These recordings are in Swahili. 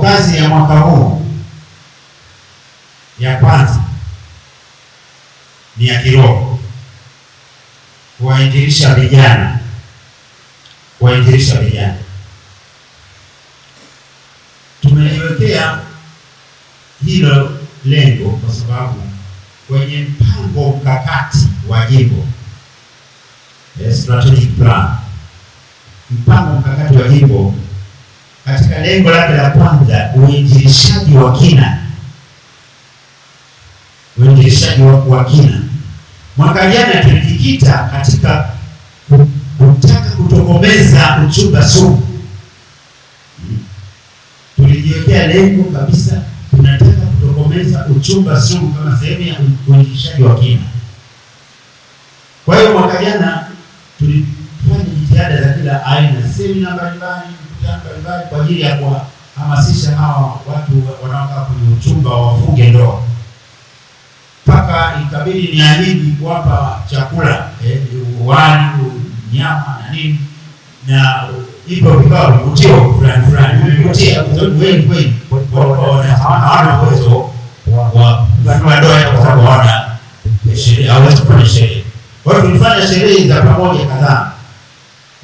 kazi ya mwaka huu ya kwanza ni ya kiroho, kuwainjilisha vijana, kuwainjilisha vijana. tumeiwekea hilo lengo kwa sababu kwenye mpango mkakati wa jimbo eh, strategic plan, mpango mkakati wa jimbo katika lengo lake la kwanza, uinjilishaji wa kina, uinjilishaji wa kina. Mwaka jana tulijikita katika kutaka kutokomeza uchumba sugu, tulijiwekea lengo kabisa, tunataka kutokomeza uchumba sugu kama sehemu ya uinjilishaji wa kina. Kwa hiyo mwaka jana tulifanya jitihada za kila aina, semina mbalimbali mikutano mbalimbali kwa ajili ya kuhamasisha hawa watu wanaokaa kwenye uchumba wafunge ndoa, mpaka ikabidi niahidi kuwapa chakula eh, wali, nyama na nini, na ipo vikao vivutio fulani fulani vimevutia, kwa sababu wengi wengi hawana uwezo wa kufunga ndoa kwa sababu hawana sheria, hawezi kufanya sheria. Kwa hiyo tulifanya sherehe za pamoja kadhaa,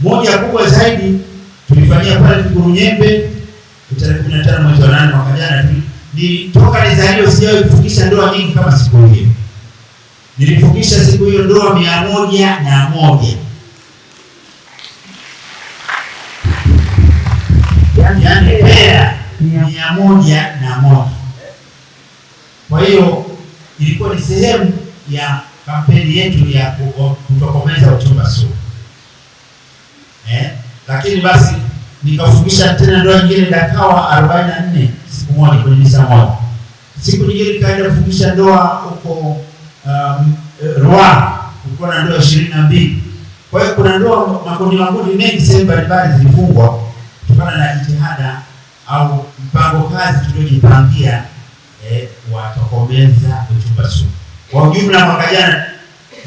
moja kubwa zaidi nilifanyia pale Nyembe tarehe 15 mwezi wa 8 mwaka jana. Nilitoka nizalio sijawahi kufikisha ndoa nyingi kama siku hiyo. Nilifikisha siku hiyo ndoa mia moja na moja. Yaani, yaani mia moja na moja. Kwa hiyo ilikuwa ni sehemu ya kampeni yetu ya kutokomeza uchumba sugu. Eh? Lakini basi nikafundisha tena ndoa nyingine ndakawa arobaini na nne siku moja kwenye misa moja. Siku nyingine nikaenda kufundisha ndoa huko um, Rwanda, kulikuwa na ndoa ishirini na mbili. Kwa hiyo kuna ndoa makundi makundi mengi sehemu mbalimbali zilifungwa kutokana na jitihada au mpango kazi tuliojipangia eh, watokomeza uchumba sugu. Kwa ujumla mwaka jana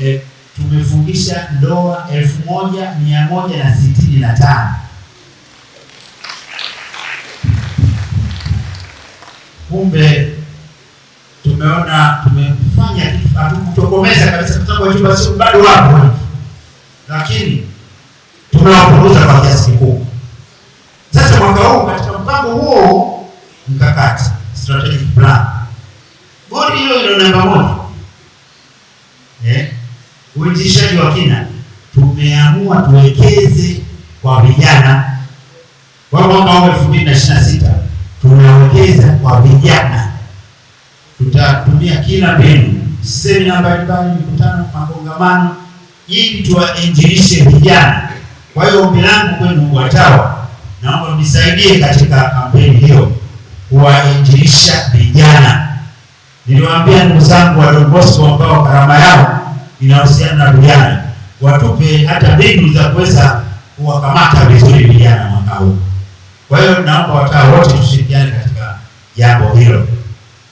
eh, tumefundisha ndoa elfu moja mia moja na sitini na tano kumbe tumeona tumefanya kutokomeza kabisa, kwa sababu wachumba sio bado wapo, lakini tumewapunguza kwa kiasi kikubwa. Sasa mwaka huu katika mpango huo mkakati, strategic plan, bodi hiyo ina namba moja, eh, uinjishaji wa kina. Tumeamua tuwekeze kwa vijana kwa mwaka huu elfu mbili na ishirini na sita tunawekeza kwa vijana. Tutatumia kila mbinu, semina mbalimbali, mikutano, makongamano, ili tuwainjilishe vijana. Kwa hiyo ombi langu kwenu watawa, naomba mnisaidie katika kampeni hiyo kuwainjilisha vijana. Niliwaambia ndugu zangu wa Don Bosco ambao karama yao inahusiana na vijana, watupe hata mbinu za kuweza kuwakamata vizuri vijana mwaka huu. Kwa hiyo naomba wataa wote tushirikiane katika jambo hilo.